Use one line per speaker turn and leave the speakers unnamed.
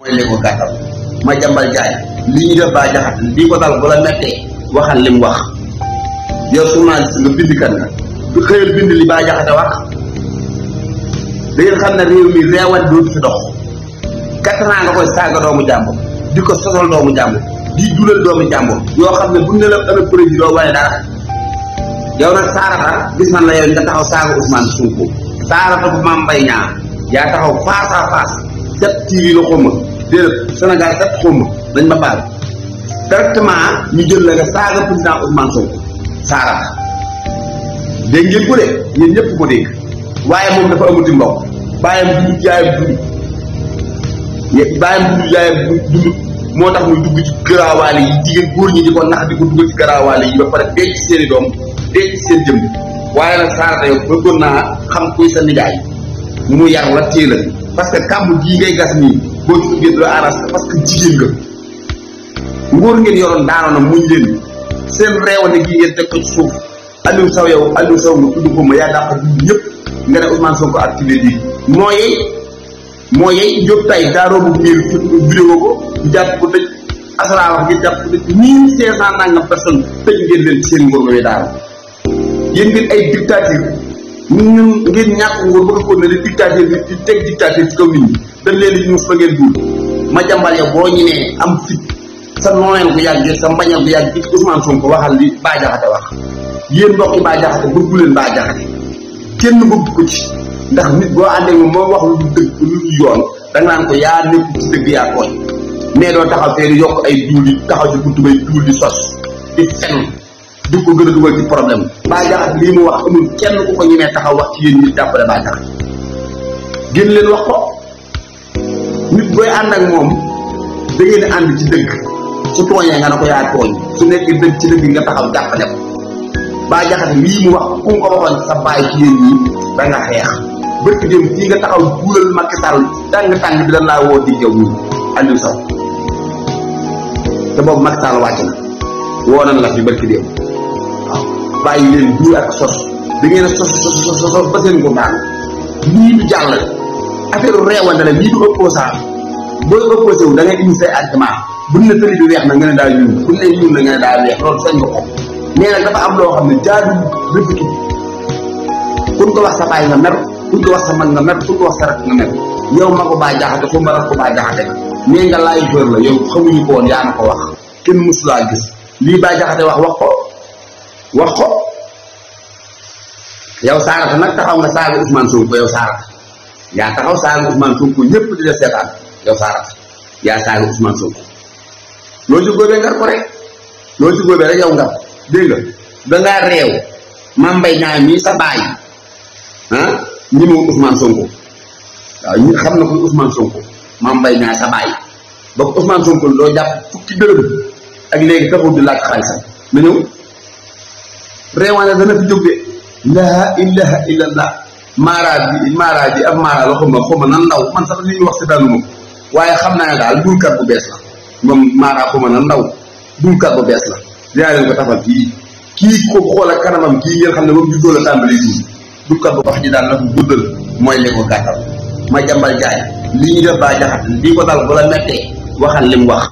moy li ko ma jambal jaay li ñu def baa jaxat li ko dal bu la waxal lim wax yow journaliste nga bind kan nga du xeyal bind li baa jaxate wax da ngeen xam rew mi reewal do ci dox katana nga koy saaga doomu jambo diko ko sosal doomu jambo di dulal doomu jàmbur yoo xam ne bu neul la ana projet doo wane dara yow nak sara saarata gis man la yow nga taxaw saaga Ousmane Sonko saarata bu mam mbay ya yaa taxaw fa fa face sept TV la xuma déedéet Sénégal kat xaw dañ ma baal directement ñu jël la nga saaga président Ousmane Sonko saara dégg ngeen ko de yéen ñëpp ko dégg waaye moom dafa amati mbokk bàyyam dund yaayam moo tax muy dugg ci garaawaale yi jigéen góor ñi di ko nax di ko dugg ci garaawaale yi ba pare denc seen i doom denc seen jëm waaye nag saara yow bëggoon naa xam kuy sa nijaay mu mu yar la téye la parce que kàmb gii ngay gas nii boo ci duggee du parce que jigéen nga nguur ngeen yoroon daanoona muñ leen seen réewane gi ngeen teg ko ci suuf Aliou Sow yow Aliou Sow nga tudd ko ma yaa daa ko ñëpp nga ne Ousmane Sonko activé lii moo yey moo yey Diop tay daaroobu miir vidéo ko ñu jàpp ko tëj asara wax ngeen jàpp ko tëj mille cinq cent nangam personne tëj ngeen leen seen nguur nga wee daara ngeen ay dictature ñun ngeen ñàkk nguur bëgg ko ne di dictateur bi di teg dictateur ci kaw nit ñi dañ leen di ñuus ngeen duul ma jàmbal boo ñu nee am fit sa nooneel bu yàgg sa mbañal bu yàgg Ousmane Sonko waxal li Bah Diakhaté wax yéen mbokki Bah Diakhaté bëggu leen Bah Diakhaté kenn bëgg ko ci ndax nit boo àndee moom moo wax lu dëgg lu yoon da nga naan ko yaa nekk ci dëgg yaa tooñ mais doo taxaw fee di yokk ay duul yi taxaw ci buntu bay duul di sos di fen diko gëna duggal ci problème ba jara li mu wax amul kenn ku ko ñëmé taxaw wax ci yeen ñu jappalé ba jara gën leen wax ko nit boy and ak mom da ngeen and ci dëgg su toñé nga nako yaa toñ su nekk dëgg ci dëgg nga taxaw jappalé ba jaxat li mu wax ku ko waxon sa bay ci yeen ñi da nga xex bëkk dem fi nga taxaw duulal Macky Sall tang tang bi da la wo di yow andu Sow te bobu Macky Sall wacc na wonan la fi barki dem bàyyi leen bii ak sos da ngeen a sos sos ba seen ko daan lii du jàll affaire reewante la lii du opposant booy opposé wu da ngay indi say argument buñ na nga daal ñuul buñ daal weex loolu sañ ko mais nag dafa loo xam ne jaadu rëpitu kuñ ko wax sa bàyyi nga mer kuñ ko wax sa mag nga mer kuñ ko wax sa rak nga mer yow ma ko baa jaxate fo ma rak ko baa jaxate nee nga laay bër la yow xamuñu ko yaa na ko wax kenn mësulaa gis lii baa wax wax ko wax ko yow Sarata nag taxaw nga saaga Ousmane Sonko yow Sarata yaa taxaw saaga Ousmane Sonko ñëpp di la seetaan yow Sarata yaa saaga Ousmane Sonko loo ci góobee ngar ko rek loo ci góobee rek yow ngar dégg nga dangaa réew Mame Mbaye Niang mii sa baay ah ñi mu Ousmane Sonko waaw ñi xam na ko Ousmane Sonko Mame Mbaye Niang sa baay ba Ousmane Sonko doo jàpp fukki dërëm ak léegi taxul di laaj xaalisam na reewaane dana fi jóg de laa ilaha illa maaraa maaraaj bi maaraaj bi ab maaraaj la xam ma xaw ma nan ndaw man sax li ñu wax si ma waaye xam naa ne daal dulkat bu bees la moom maaraaj xaw na nan ndaw dulkat bu bees la dinaa leen ko tafal fii kii ko xool ak kanamam kii ngeen xam ne moom juddoo la tàmbali tuuti dulkat bu wax ji daal la ko guddal mooy leen ko gàttal ma jàmbal jaay li ñu def baa jaxat li ko daal bu la mettee waxal li mu wax